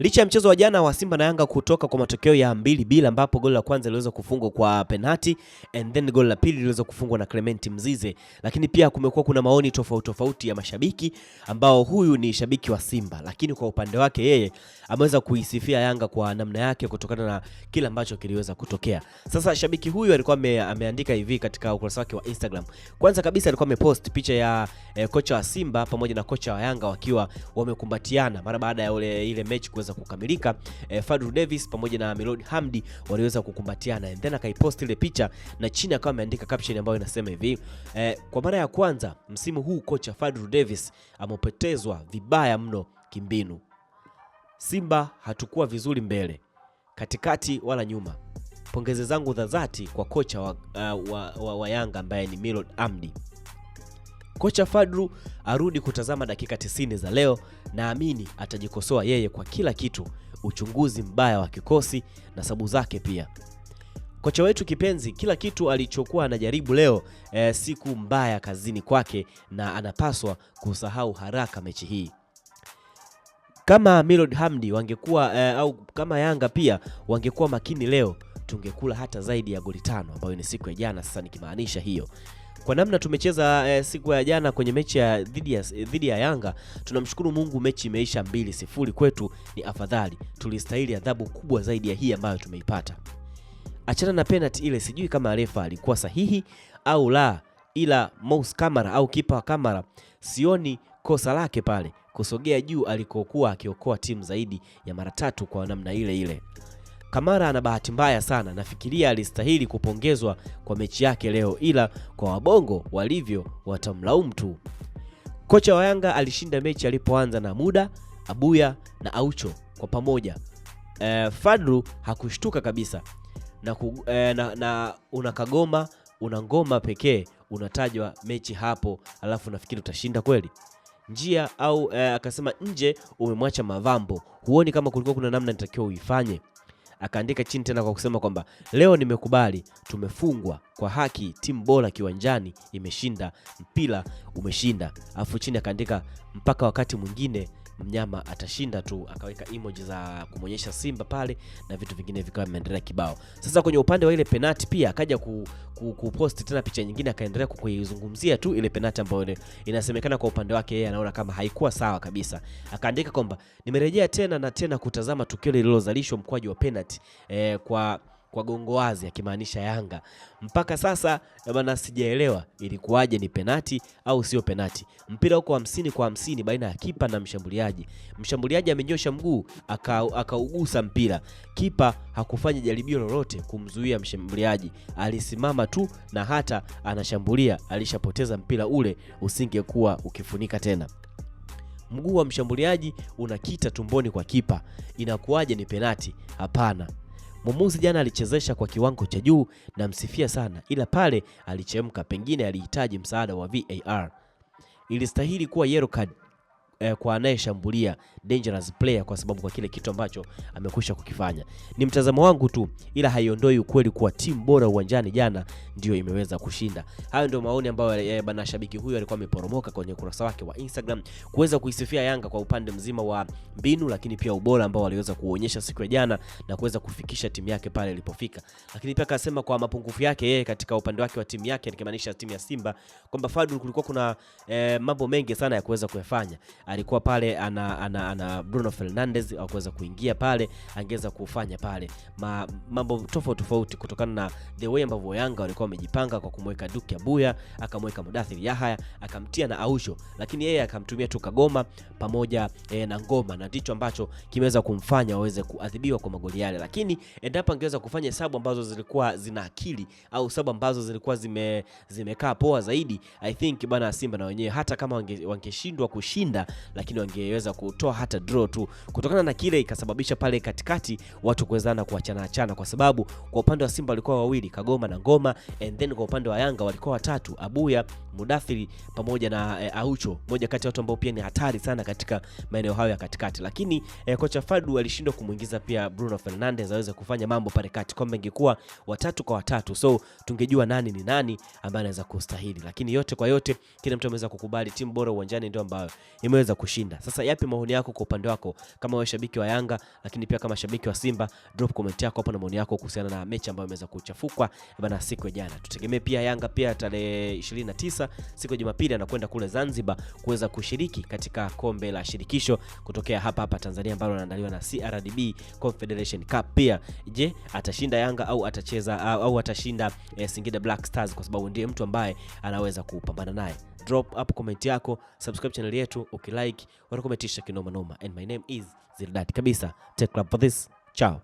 Licha ya mchezo wa jana wa Simba na Yanga kutoka kwa matokeo ya mbili bila, ambapo goli la kwanza liliweza kufungwa kwa penati and then goli la pili liliweza kufungwa na Clement Mzize, lakini pia kumekuwa kuna maoni tofauti tofauti ya mashabiki ambao huyu ni shabiki wa Simba, lakini kwa upande wake yeye ameweza kuisifia Yanga kwa namna yake kutokana na kile ambacho kiliweza kutokea. Sasa shabiki huyu alikuwa ame, ameandika hivi katika ukurasa wake wa Instagram. Kwanza kabisa alikuwa amepost picha ya eh, kocha wa Simba pamoja na kocha wa Yanga wakiwa wamekumbatiana mara baada ya ule ile mechi kuweza kuweza kukamilika. Eh, Fadru Davis pamoja na Melody Hamdi waliweza kukumbatiana and then akaipost ile picha na chini akawa ameandika caption ambayo inasema hivi eh, kwa mara ya kwanza msimu huu kocha Fadru Davis amepotezwa vibaya mno kimbinu. Simba hatukuwa vizuri mbele, katikati wala nyuma. Pongezi zangu za dhati kwa kocha wa, uh, wa, wa, wa Yanga ambaye ni Millard Hamdi. Kocha fadru arudi kutazama dakika 90 za leo, naamini atajikosoa yeye kwa kila kitu, uchunguzi mbaya wa kikosi na sabu zake pia. Kocha wetu kipenzi, kila kitu alichokuwa anajaribu leo e, siku mbaya kazini kwake, na anapaswa kusahau haraka mechi hii. Kama Milod Hamdi wangekuwa e, au kama Yanga pia wangekuwa makini leo, tungekula hata zaidi ya goli tano ambayo ni siku ya jana. Sasa nikimaanisha hiyo kwa namna tumecheza e, siku ya jana kwenye mechi ya dhidi ya dhidi ya Yanga, tunamshukuru Mungu, mechi imeisha mbili sifuri kwetu. Ni afadhali, tulistahili adhabu kubwa zaidi ya hii ambayo tumeipata. Achana na penalty ile, sijui kama refa alikuwa sahihi au la, ila Mous Kamara au kipa wa Kamara sioni kosa lake pale kusogea juu alikokuwa akiokoa timu zaidi ya mara tatu kwa namna ile ile. Kamara ana bahati mbaya sana, nafikiria alistahili kupongezwa kwa mechi yake leo, ila kwa wabongo walivyo watamlaumu tu. Kocha wa Yanga alishinda mechi alipoanza na muda Abuya na Aucho kwa pamoja. E, eh, Fadru hakushtuka kabisa na, ku, e, na, na una kagoma una ngoma pekee unatajwa mechi hapo, alafu nafikiri utashinda kweli njia au e, akasema nje umemwacha Mavambo, huoni kama kulikuwa kuna namna nitakiwa uifanye? akaandika chini tena kwa kusema kwamba leo nimekubali, tumefungwa kwa haki, timu bora kiwanjani imeshinda, mpira umeshinda. Alafu chini akaandika mpaka wakati mwingine mnyama atashinda tu, akaweka emoji za kumonyesha simba pale na vitu vingine vikawa vimeendelea kibao. Sasa kwenye upande wa ile penati pia akaja ku, ku, kupost tena picha nyingine, akaendelea kuizungumzia tu ile penati ambayo inasemekana kwa upande wake yeye anaona kama haikuwa sawa kabisa. Akaandika kwamba nimerejea tena na tena kutazama tukio lililozalishwa mkwaji wa penati eh, kwa kwa gongo wazi, akimaanisha Yanga. Mpaka sasa bana, sijaelewa ilikuwaje, ni penati au sio penati? Mpira uko hamsini kwa hamsini baina ya kipa na mshambuliaji. Mshambuliaji amenyosha mguu akaugusa aka mpira, kipa hakufanya jaribio lolote kumzuia mshambuliaji, alisimama tu, na hata anashambulia alishapoteza mpira ule, usingekuwa ukifunika tena mguu wa mshambuliaji unakita tumboni kwa kipa, inakuwaje ni penati? Hapana, Mwamuzi jana alichezesha kwa kiwango cha juu, namsifia sana, ila pale alichemka, pengine alihitaji msaada wa VAR. Ilistahili kuwa yellow card eh, kwa anayeshambulia dangerous player, kwa sababu kwa kile kitu ambacho amekwisha kukifanya. Ni mtazamo wangu tu, ila haiondoi ukweli kuwa timu bora uwanjani jana ndiyo imeweza kushinda. Hayo ndio maoni ambayo eh, bana shabiki huyu alikuwa ameporomoka kwenye ukurasa wake wa Instagram kuweza kuisifia Yanga kwa upande mzima wa mbinu, lakini pia ubora ambao waliweza kuonyesha siku ya jana na kuweza kufikisha timu yake pale ilipofika, lakini pia akasema kwa mapungufu yake yeye katika upande wake wa timu yake, nikimaanisha timu ya Simba, kwamba Fadlu kulikuwa kuna eh, mambo mengi sana ya kuweza kuyafanya alikuwa pale ana, ana, ana Bruno Fernandez akuweza kuingia pale, angeweza kufanya pale Ma, mambo tofauti tofauti kutokana na the way ambavyo Yanga walikuwa wamejipanga kwa kumweka Duke Abuya, akamweka Mudathir Yahaya, akamtia na Ausho, lakini yeye akamtumia tu Kagoma pamoja e, na Ngoma, na ndicho ambacho kimeweza kumfanya waweze kuadhibiwa kwa magoli yale, lakini endapo angeweza kufanya hesabu ambazo zilikuwa zina akili au hesabu ambazo zilikuwa zime zimekaa poa zaidi, I think bana Simba na wenyewe hata kama wange, wangeshindwa kushinda lakini wangeweza kutoa hata draw tu, kutokana na kile ikasababisha pale katikati watu kuwezana kuachana achana, kwa sababu kwa upande wa Simba walikuwa wawili Kagoma na Ngoma, and then kwa upande wa Yanga walikuwa watatu Abuya, Mudathiri pamoja na e, Aucho, moja kati ya watu ambao pia ni hatari sana katika maeneo hayo ya katikati, lakini e, kocha Fadu alishindwa kumuingiza pia Bruno Fernandes aweze kufanya mambo pale kati, kwamba ingekuwa watatu kwa watatu, so tungejua nani ni nani ambaye anaweza kustahili, lakini yote kwa yote kila mtu ameweza kukubali timu bora uwanjani ndio ambayo imeweza kuweza kushinda. Sasa yapi maoni yako kwa upande wako kama wewe shabiki wa Yanga, lakini pia kama shabiki wa Simba? Drop comment yako hapo na maoni yako kuhusiana na mechi ambayo imeweza kuchafukwa bana siku ya jana. Tutegemee pia Yanga pia tarehe 29 siku ya Jumapili anakwenda kule Zanzibar kuweza kushiriki katika kombe la shirikisho kutokea hapa hapa Tanzania ambalo linaandaliwa na CRDB Confederation Cup. Pia je, atashinda Yanga au atacheza au atashinda eh, Singida Black Stars kwa sababu ndiye mtu ambaye anaweza kupambana naye drop hapo comment yako, subscribe channel yetu, ukilike watakometisha kinoma noma. And my name is Zildad kabisa. Take club for this. Ciao.